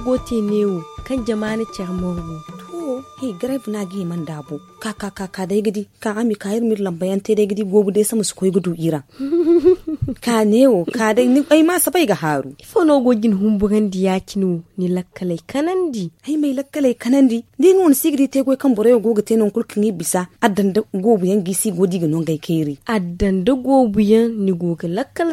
Quand new, kan jamani charmorgo to he grave na mandabu. mandabo. ka ka ka ka de gidi ka ami ka yir lambayan te gidi gobu de su ira ka newo ka de ni ai ma sabai ga haru ifo no gogin humbugan di ni lakkale kanandi ai mai lakkale kanandi de won sigri te kan bore goga te non kulkin bisa addan gobu yan gisi godi ga non gai kairi addan ni lakkal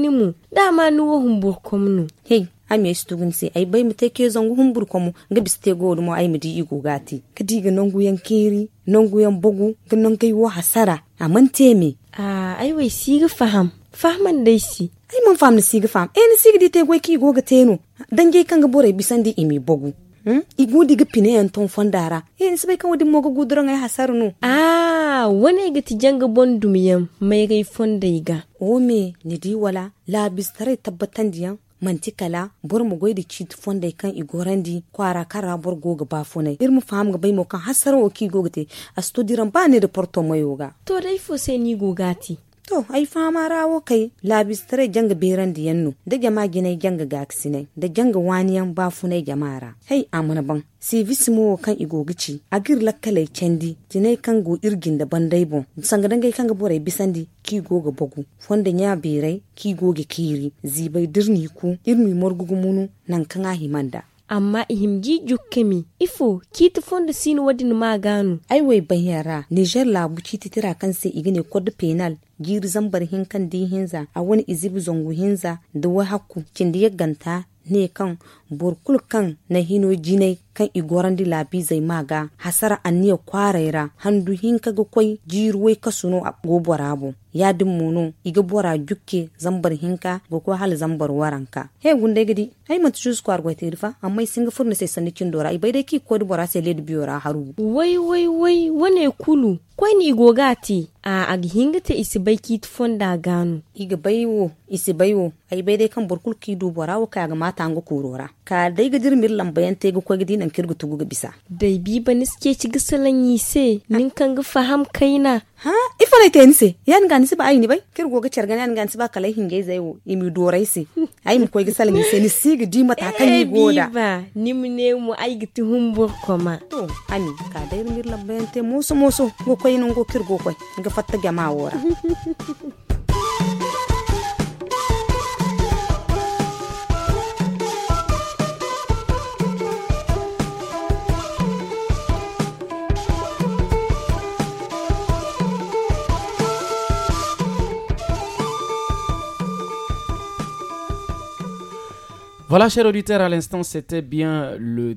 ni mu dama ni wo humbur komnu hey ame su gun se ai bai mate ke zongu humbur ko mu ga biste go mo ai mu di igo gati kadi ga nongu yan kiri nongu yan bugu ga non kai wa hasara a man teme a ai wai si ga faham fahman dai si ai mun faham si eh, ga faham en si ga di te go ki go ga teno dan ge kan ga bore bisan di imi bugu hmm? igu diga pine yan ton fondara en eh, si bai kan wadi mo ga guduran ai hasar no ah wani ga ti janga bon dumiyam mai ga da iga o me ni di wala la bistare tabbatan diyan mantikala bor mo da chit fonde kan igorandi kwara kara bor goga ba fone ir mu fam ga bai mo kan hasar ki a asto ba ne da porto mayoga to dai fo sai ni gogati to ai fama rawo kai labistare janga beran da yannu da jama ginai janga gaksinai da janga waniyan bafunai jamara hai amana ban si visimo kan igogici a gir lakkalai kendi tinai kan go irgin da bandai bon sanga dangai kan gabo rai bisandi ki goga bogu fonda nya birai ki goge kiri zibai dirni ku irmi morgugu munu nan kan ahimanda amma ihimgi jukkemi ifo kiti fondo sino wadin maganu ai wai bayara niger labu kiti tira sai igine code penal giri zambar hinkan di hinza a wani izibu zongu hinza da wahaku kin da ganta ne kan burkul kan na hino jinai kan igoran di labi zai maga hasara aniya kwaraira handu hinka ga kwai jiruwai kasuno suno a goborabu ya dimmuno iga bora jukke zambar hinka go ko hal zambar waranka he gunde gidi ai mat jus kwar go tirfa amma singa furna sai kin dora ibai da ki kod bora sai led biora haru wai wai wai wane kulu kwai ni gogati a aghinga te isi bai ki fonda gano iga baiwo isi baiwo ai bai dai kan burkul ki du wa ka ga mata ngo kurora ka dai ga dirmir lambayan te go ko nan kirgu tugu bisa dai bi ba niske ci gisalan yi se nin kan ga faham kaina ha ifalai ta se yan ga nse ba ai ni bai kirgu ga cargan yan ga nse ba kalai hinge zai wo mi dorai se ai mu koi gisalan yi se ni ga di mata kan yi goda ba ni mu ne mu ai giti humbur koma to ani ka dai mir labbente musu musu go koi nun go kirgu koi ga fatta ma wora Voilà, chers auditeurs, à l'instant, c'était bien le,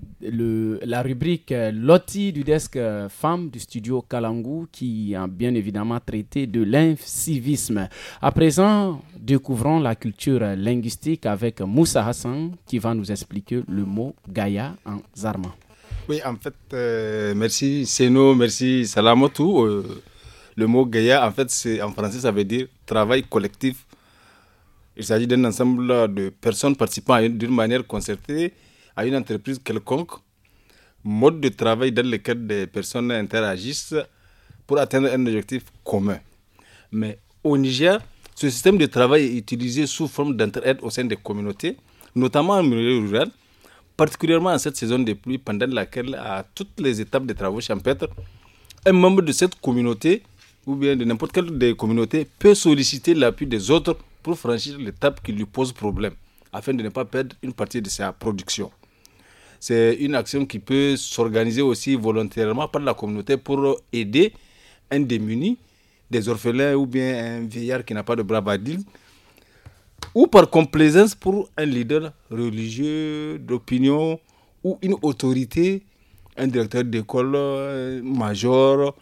la rubrique euh, Loti du desk euh, femme du studio Kalangu qui a bien évidemment traité de l'incivisme. À présent, découvrons la culture linguistique avec Moussa Hassan qui va nous expliquer le mot Gaïa en Zarma. Oui, en fait, euh, merci Seno, merci Salamotou. le mot Gaïa, en fait, en français, ça veut dire travail collectif il s'agit d'un ensemble de personnes participant d'une manière concertée à une entreprise quelconque, mode de travail dans lequel des personnes interagissent pour atteindre un objectif commun. Mais au Niger, ce système de travail est utilisé sous forme d'entraide au sein des communautés, notamment en milieu rural, particulièrement en cette saison de pluie pendant laquelle, à toutes les étapes des travaux champêtres, un membre de cette communauté ou bien de n'importe quelle des communautés peut solliciter l'appui des autres pour franchir l'étape qui lui pose problème, afin de ne pas perdre une partie de sa production. C'est une action qui peut s'organiser aussi volontairement par la communauté pour aider un démuni, des orphelins ou bien un vieillard qui n'a pas de bravadine, ou par complaisance pour un leader religieux, d'opinion, ou une autorité, un directeur d'école, un major,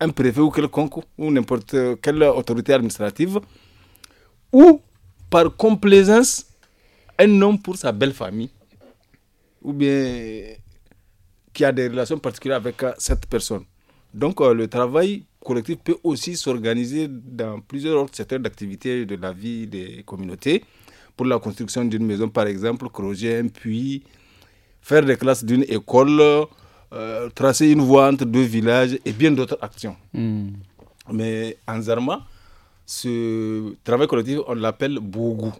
un préfet ou quelconque, ou n'importe quelle autorité administrative ou par complaisance un homme pour sa belle famille ou bien qui a des relations particulières avec cette personne. Donc euh, le travail collectif peut aussi s'organiser dans plusieurs autres secteurs d'activité de la vie des communautés, pour la construction d'une maison par exemple, creuser un puits, faire des classes d'une école, euh, tracer une voie entre deux villages et bien d'autres actions. Hmm. Mais en Zarma, ce travail collectif, on l'appelle Bougou.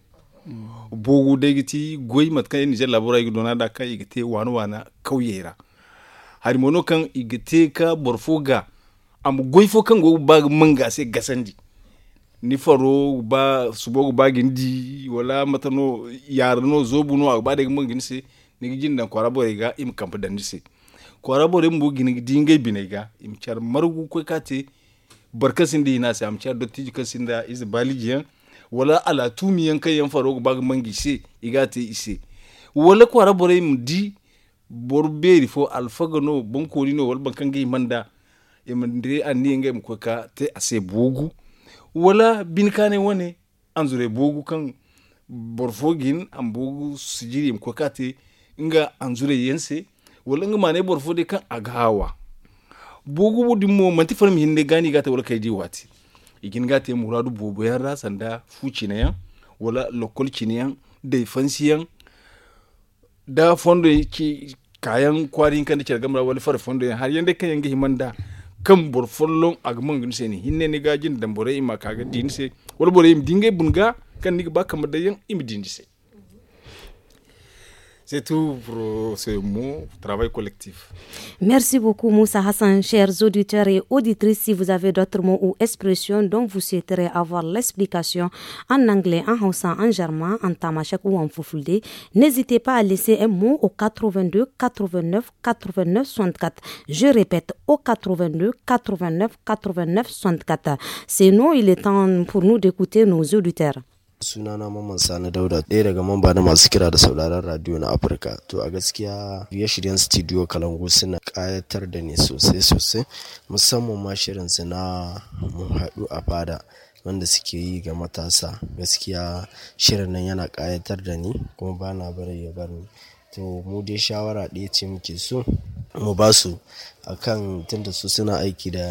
Bougou degiti goyi Matka, Niger labura yi donada ka igite wani wana kauyera. Hari kan ka borfo ga amu goyi fo kan ba manga sai gasandi. Ni faro ba subogu ba gindi wala matano yarno zobuno agba de mangin sai nigi jindan kwara bore im kampa danise. Kwara bore mbu gini binega im char marugu kwekate kate barkasin di na se am char do tiji kasin da bali balijiyan wala ala tumiyan kayan faro bag mangi se igate ise wala kwara bore mu di bor beri fo alfagano bankori no wal gai manda e mandire anni nge mu ka te ase bugu wala binkane wane zure bugu kan borfogin an bugu sijiri mu ka te nga zure yense wala nga mane borfo de kan agawa bogubo dimmo manti fanam hinde gani gata wala kaiji wati igin gata muradu bobo nda fu fucina yan wala lokol ya da ya da fondo ki kayan kwari kan da ke gamra wala far fondo har yanda kan yanga himanda kan bor follon agman gun seni hinne ni gajin dambore ima kaga dinse wala bore im dinge bunga kan ni ba kamar da yan im dinse C'est tout pour euh, ce mot, travail collectif. Merci beaucoup Moussa Hassan, chers auditeurs et auditrices. Si vous avez d'autres mots ou expressions dont vous souhaiterez avoir l'explication en anglais, en haussa, en germain, en tamashek ou en foufoulé. n'hésitez pas à laisser un mot au 82 89 89 64. Je répète, au 82 89 89 64. Sinon, il est temps pour nous d'écouter nos auditeurs. Sunana Mamman Sani Dauda, ɗaya daga mamba na masu kira da sauraron radiyo na Afirka. To a gaskiya shirye-shiryen Studio Kalangu suna ƙayatar da ni sosai sosai, musamman ma shirin su na mu haɗu a fada wanda suke yi ga matasa. Gaskiya shirin nan yana ƙayatar da ni kuma bana bari ya bar ni. To mu dai shawara ɗaya ce muke so mu ba su akan tunda su suna aiki da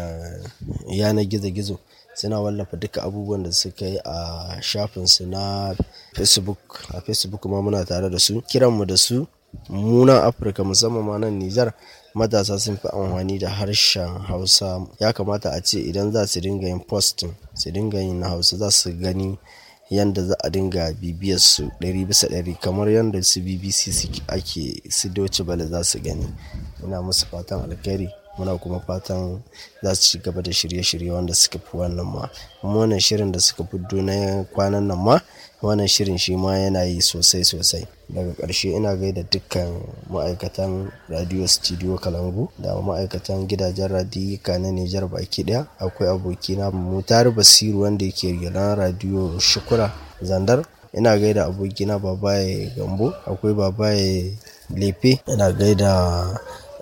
yanar gizo-gizo. Suna wallafa duka abubuwan da suka yi a shafin su na Facebook. A Facebook ma muna tare da su. Kiranmu da su mu Afirka musamman ma nan Nijar matasa sun fi amfani da harshen Hausa. Ya kamata a ce idan za su dinga yin post su dinga yin na Hausa za su gani yanda za a dinga bibiyar su ɗari bisa ɗari kamar yanda su BBC ake su Deutsche bala za su gani. Ina musu fatan alkhairi. Muna kuma fatan za su ci gaba da shirye-shirye wanda suka fi wannan ma. Kuma wannan shirin da suka fi na kwanan nan ma, wannan shirin shi ma yana yi sosai sosai. Daga karshe ina gaida dukkan ma'aikatan Radio Studio Kalangu da ma'aikatan gidajen radiyika na Nijar baki ɗaya. Akwai abokina mutar Basiru wanda yake gidan Radio Shukura Zandar. Ina gaida abokina Babaye Gambo, akwai Babaye Lefe, ina gaida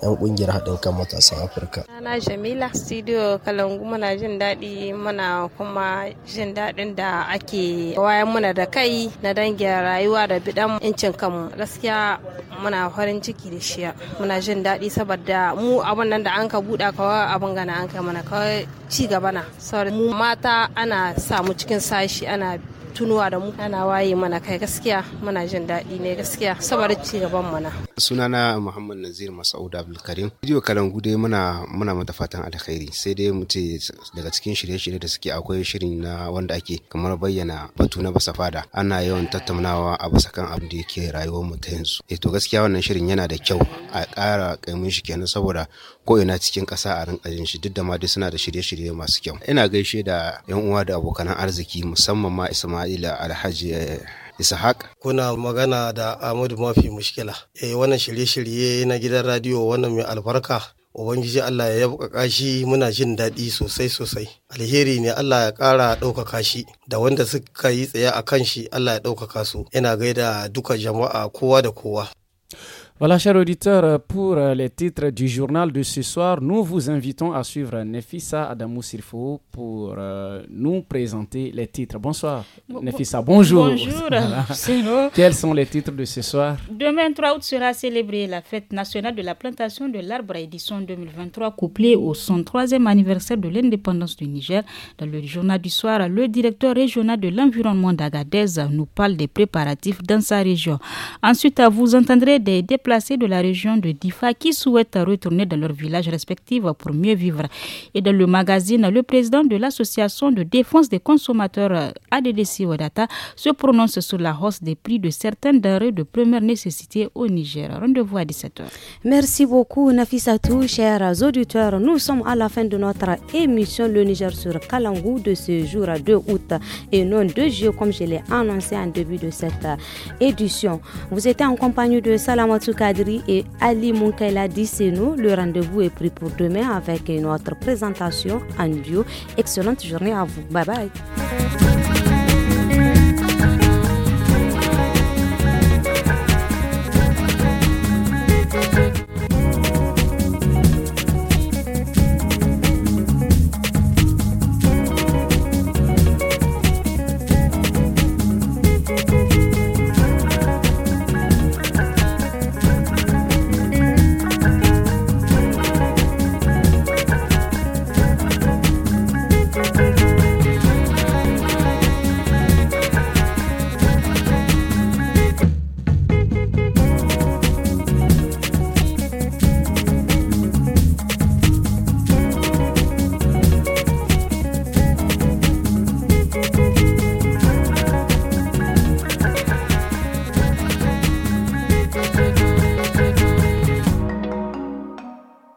'yan kungiyar haɗin kan matasan afirka na jamila studio kalangu muna jin daɗi muna kuma jin daɗin da ake wayan muna da kai na dangin rayuwa da bidan incin kanmu gaskiya muna farin ciki da shiya muna jin daɗi saboda mu abin nan da an ka buɗa kawai abin gana an kai mana kawai ci gaba na mu mata ana samu cikin sashi ana tunuwa da mu ana waye mana kai gaskiya muna jin daɗi ne gaskiya saboda ci gaban mana sunana muhammad nazir masaud abdulkarim bidiyo kalan gude muna muna mata fatan alkhairi sai dai mu ce daga cikin shirye-shirye da suke akwai shirin na wanda ake kamar bayyana batu na basa fada ana yawan tattaunawa a basa kan abin da yake rayuwar mu ta yanzu eh to gaskiya wannan shirin yana da kyau a ƙara kaimun shi kenan saboda Ko ko'ina cikin ƙasa a rinka jin shi duk da ma dai suna da shirye-shirye masu kyau ina gaishe da yan uwa da abokan arziki musamman ma ismaila alhaji eh, Isahak. Kuna magana da Ahmadu Mafi Mushkila. Eh wannan shirye-shirye na gidan radiyo wannan mai albarka. Ubangiji Allah ya yabuka shi muna jin daɗi sosai sosai. Alheri ne Allah ya ƙara ɗaukaka shi da wanda suka yi tsaye a kan shi Allah ya ɗaukaka su. Ina gaida duka jama'a kowa da kowa. Voilà, chers auditeurs, pour euh, les titres du journal de ce soir, nous vous invitons à suivre Nefissa Adamou Sirfo pour euh, nous présenter les titres. Bonsoir, bon, Nefissa, bonjour. Bonjour, Quels sont les titres de ce soir Demain 3 août sera célébrée la fête nationale de la plantation de l'arbre à édition 2023, couplée au 103e anniversaire de l'indépendance du Niger. Dans le journal du soir, le directeur régional de l'environnement d'Agadez nous parle des préparatifs dans sa région. Ensuite, vous entendrez des déplacements de la région de Difa qui souhaitent retourner dans leur village respectif pour mieux vivre. Et dans le magazine, le président de l'association de défense des consommateurs ADDC Wadata se prononce sur la hausse des prix de certains denrées de première nécessité au Niger. Rendez-vous à 17h. Merci beaucoup Tou, chers auditeurs. Nous sommes à la fin de notre émission Le Niger sur Kalangou de ce jour à 2 août et non 2 juillet comme je l'ai annoncé en début de cette édition. Vous étiez en compagnie de Salamatou Kadri et Ali c'est nous. Le rendez-vous est pris pour demain avec une autre présentation en bio. Excellente journée à vous. Bye bye.